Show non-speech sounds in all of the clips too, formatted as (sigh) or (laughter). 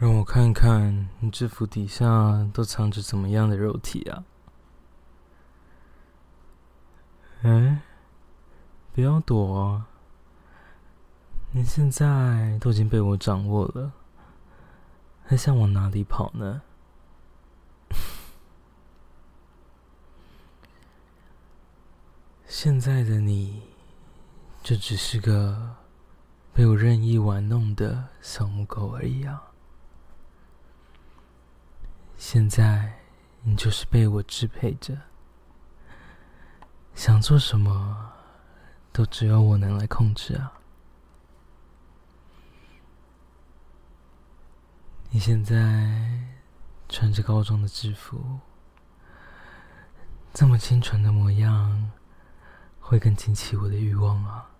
讓我看看你制服底下都藏着怎麼樣的肉體啊！哎，不要躲啊、哦！你現在都已經被我掌握了，還想往哪裡跑呢？ (laughs) 現在的你，就只是個被我任意玩弄的小母狗而已啊！現在你就是被我支配着，想做什麼都只有我能來控制啊！你現在穿着高中的制服，這麼清純的模樣，會更激起我的慾望啊！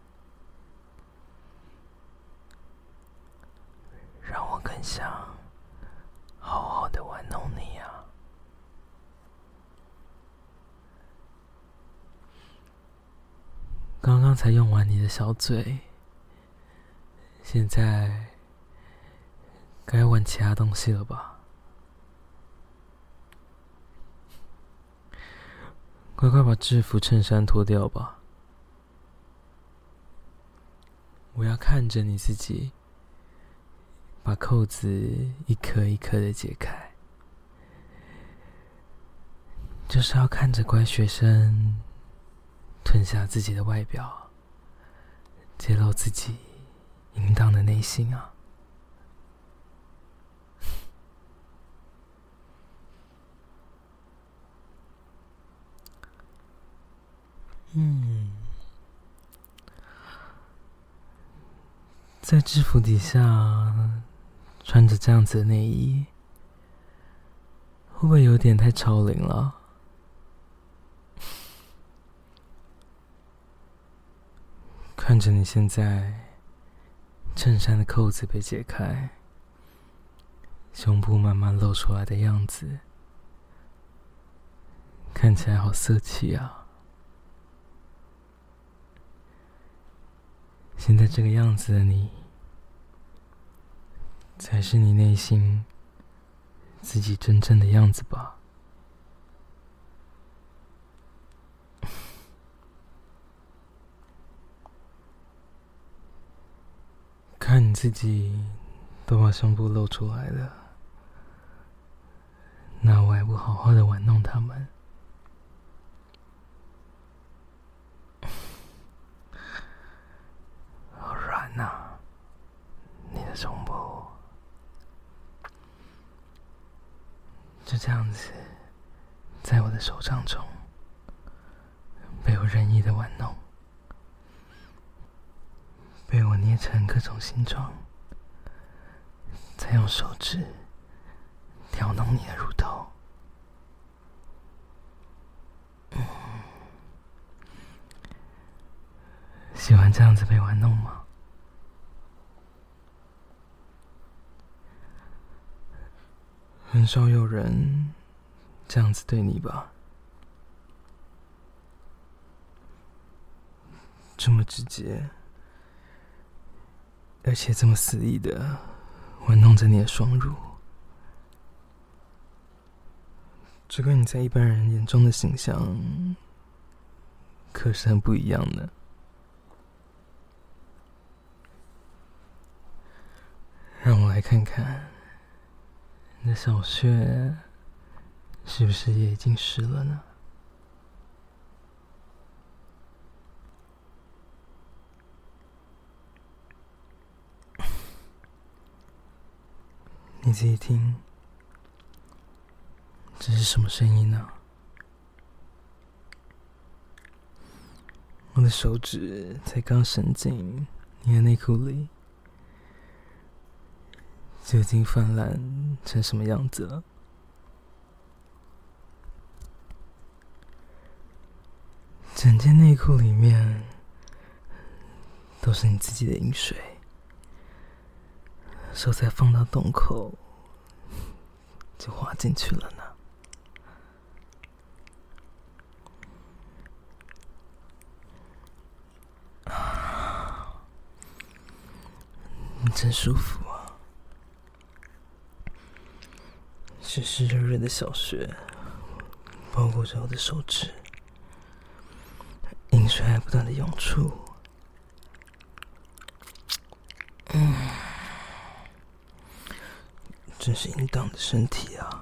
讓我更想……剛剛才用完你的小嘴，現在該玩其他東西了吧？乖乖把制服襯衫脫掉吧，我要看着你自己把釦子一顆一顆的解開，就是要看着乖學生。吞下自己的外表，揭露自己淫蕩的內心啊！嗯，在制服底下穿着這樣子的內衣，會不會有點太超齡了？看着你現在襯衫的扣子被解開，胸部慢慢露出來的樣子，看起來好色氣啊！現在這個樣子的你，才是你內心自己真正的樣子吧。你自己都把胸部露出來了，那我還不好好的玩弄他們？ (laughs) 好軟吶，啊，你的胸部就這樣子在我的手掌中被我任意的玩弄。捏成各種形狀，再用手指調弄你的乳頭，嗯。喜歡這樣子被玩弄嗎？很少有人這樣子對你吧？這麼直接。而且這麼肆意的玩弄着你的雙乳，這跟你在一般人眼中的形象可是很不一樣的。讓我來看看你的小穴是不是也已經濕了呢？你自己聽，這是什麼聲音呢、啊？我的手指才剛伸進你的內褲裡，究竟泛濫成什麼樣子了？整件內褲裡面都是你自己的淫水，手才放到洞口。就滑進去了呢。你、啊、真舒服啊！濕濕熱熱的小穴包裹着我的手指，陰水還不斷的湧出。真是淫蕩的身體啊！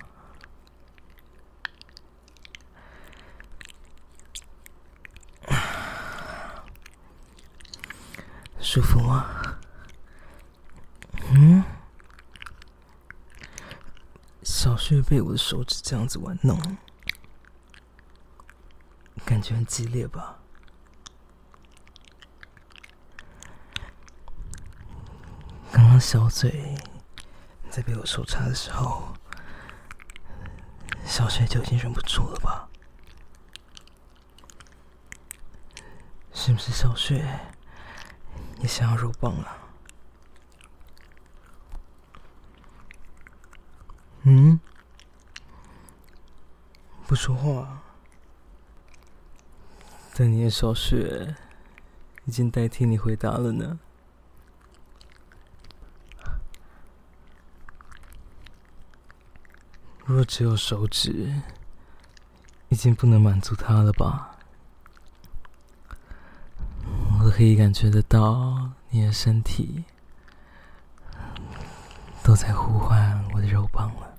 舒服嗎？嗯，小穴被我的手指這樣子玩弄，感覺很激烈吧？剛剛小嘴。在被我手插的時候，小穴就已經忍不住了吧？是不是小穴你想要肉棒了？嗯？不說話？但你的小穴已經代替你回答了呢。若只有手指，已經不能滿足他了吧？我可以感覺得到，你的身體都在呼喚我的肉棒了。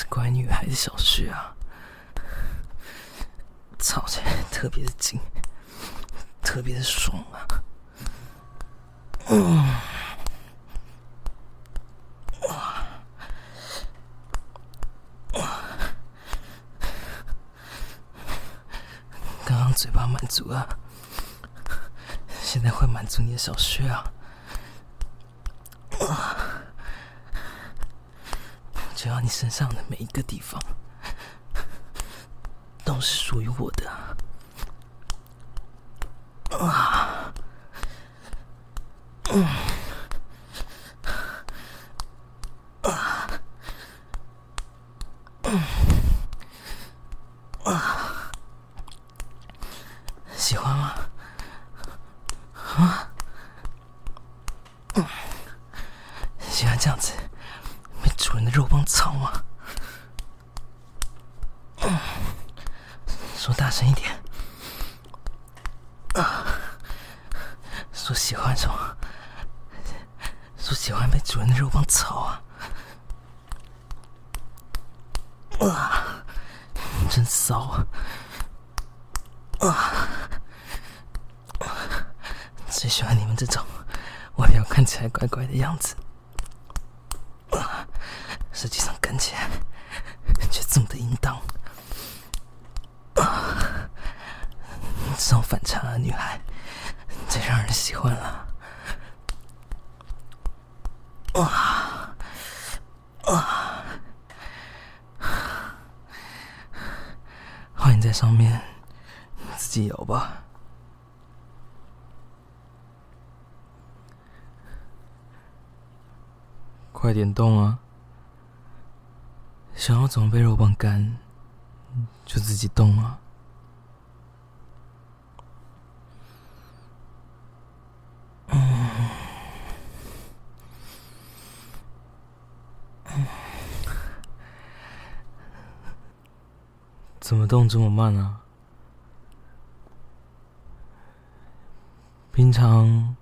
是乖女孩的小穴啊，操起來特別的緊，特別的爽啊！剛剛嘴巴滿足啊，現在會滿足你的小穴啊！只要你身上的每一個地方，都是屬於我的啊，啊嗯。嗯，說大聲一點！啊，說喜歡什麼？說喜歡被主人的肉棒操啊！啊，真騷啊！啊，最喜歡你們這種外表看起來乖乖的樣子，啊，實際上看起來卻這麼的淫蕩。反差的女孩，最讓人喜歡了啊。哇哇！歡迎在上面，你自己搖吧，快點動啊！想要怎麼被肉棒幹，就自己動啊！動這麼慢啊？平常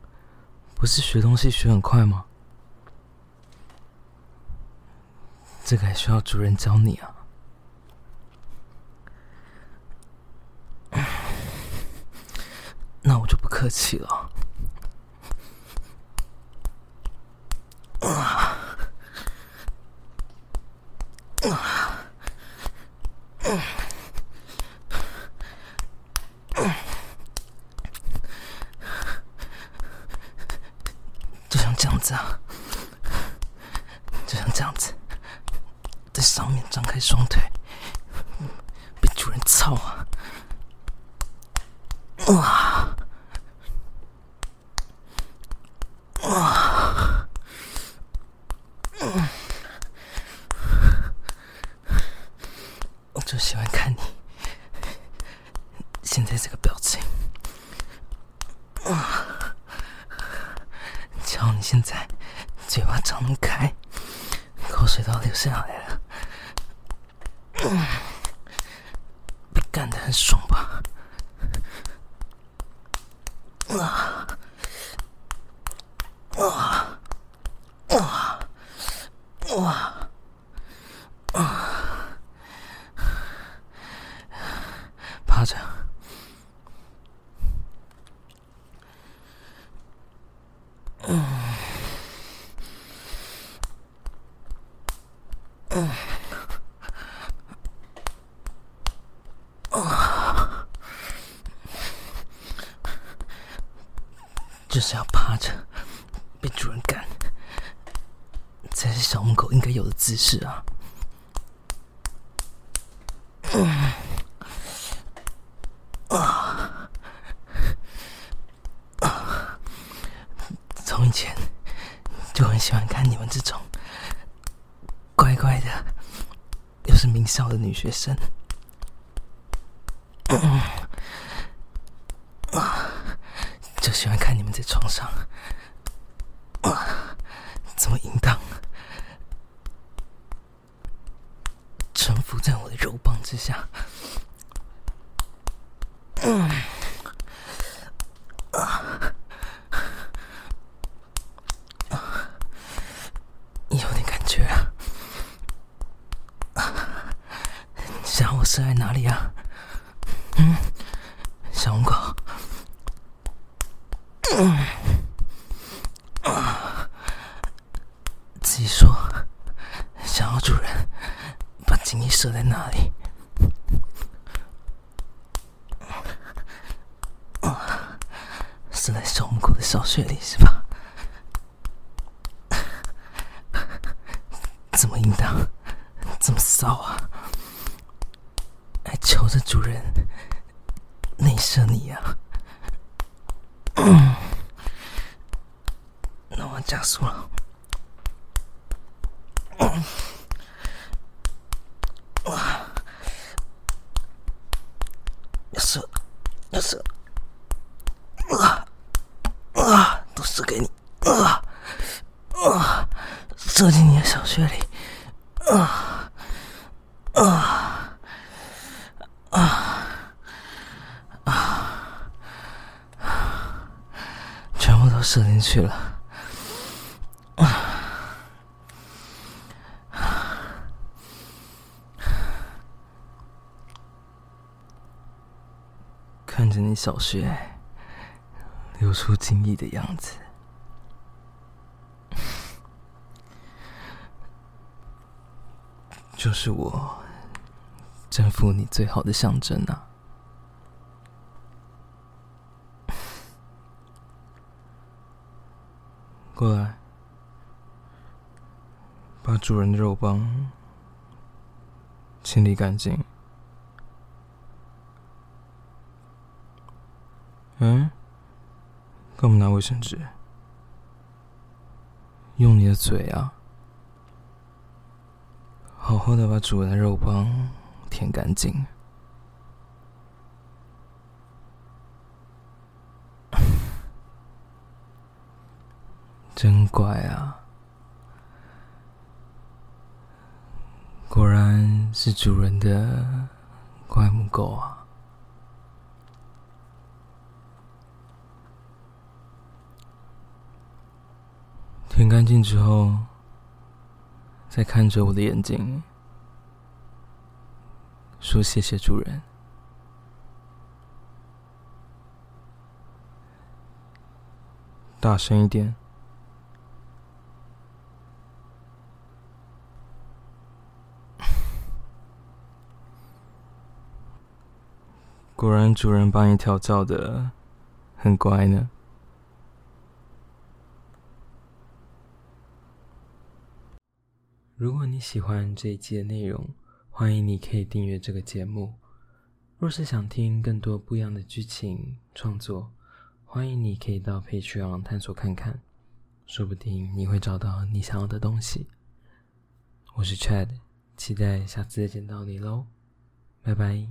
不是學東西學很快嗎？這個還需要主人教你啊？那我就不客氣了。這樣子，在上面張開雙腿，被主人操啊！哇！ (coughs) 口水都流下來了，呃、被幹的很爽吧？啊、呃！啊、呃！呃哦、就是要趴着被主人幹，才是小母狗應該有的姿勢啊、呃哦哦！從以前就很喜歡看你們這種。乖，乖的，又是名校的女學生，啊， (coughs) 就喜歡看你們在床上，啊， (coughs) 怎麼淫蕩，臣服在我的肉棒之下，嗯。 (coughs) 想我射在哪裡啊？嗯，小母狗嗯啊、呃，自己說，想要主人把精液射在哪裡？啊、呃，射在小母狗的小穴裡是吧？怎麼淫蕩？怎麼騷啊？還求着主人內射你呀、啊嗯？那我要加速了。要射，要射，啊啊，啊，都射給你，啊啊，射進你的小穴裡，啊。去了，看着你小穴流出精液的樣子，就是我征服你最好的象徵啊！過來，把主人的肉棒清理乾淨。嗯？幹嘛拿衛生紙？用你的嘴啊，好好的把主人的肉棒舔乾淨。真乖啊！果然是主人的乖母狗啊！舔乾淨之後，再看着我的眼睛，說：“謝謝主人。”大聲一點。果然主人幫你調教的很乖呢！如果你喜歡這一集的內容，歡迎你可以訂閱這個節目。若是想聽更多不一樣的劇情創作，歡迎你可以到 Patreon 探索看看，說不定你會找到你想要的東西。我是 Chad，期待下次再見到你嘍，拜拜。